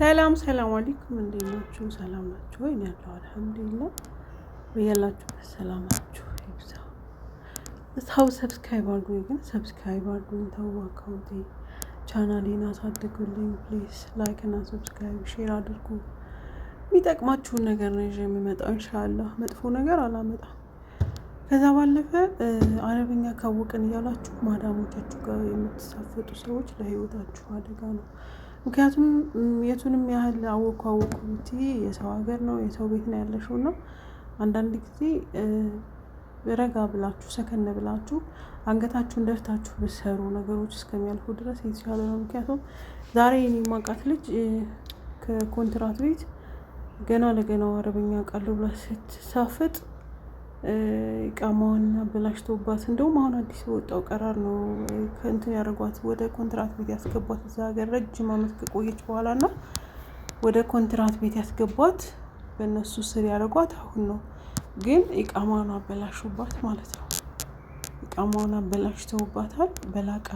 ሰላም ሰላም አለይኩም፣ እንዴት ናችሁ? ሰላም ናችሁ ወይ? ያለው አልሐምዱሊላህ። በያላችሁበት ሰላማችሁ ይብዛ። ሰው ሰብስክራይብ አድርጉኝ፣ ግን ሰብስክራይብ አድርጉኝ። ተው አካውንቴ ቻናሌን አሳድጉልኝ ፕሊስ። ላይክ እና ሰብስክራይብ ሼር አድርጉ። የሚጠቅማችሁን ነገር ነው ይዤ የምመጣው። ኢንሻላህ መጥፎ ነገር አላመጣም። ከዛ ባለፈ አረብኛ ካወቅን እያላችሁ ማዳሞቻችሁ ጋር የምትሳፈጡ ሰዎች ለህይወታችሁ አደጋ ነው። ምክንያቱም የቱንም ያህል አወቁ አወቁ ብቲ የሰው ሀገር ነው የሰው ቤት ነው ያለሽው ነው። አንዳንድ ጊዜ ረጋ ብላችሁ ሰከነ ብላችሁ አንገታችሁን ደፍታችሁ ብሰሩ ነገሮች እስከሚያልፉ ድረስ የተሻለ ነው። ምክንያቱም ዛሬ የኔ ማቃት ልጅ ከኮንትራት ቤት ገና ለገናው አረበኛ ቃሉ ብላ ስትሳፈጥ ቃማዋን አበላሽተውባት እንደውም አሁን አዲስ የወጣው ቀራር ነው ከእንትን ያደረጓት ወደ ኮንትራት ቤት ያስገቧት እዛ ሀገር ረጅም አመት ከቆየች በኋላ ና ወደ ኮንትራት ቤት ያስገቧት በእነሱ ስር ያደረጓት አሁን ነው። ግን ኢቃማዋን አበላሹባት ማለት ነው። ኢቃማዋን አበላሽተውባታል በላቅ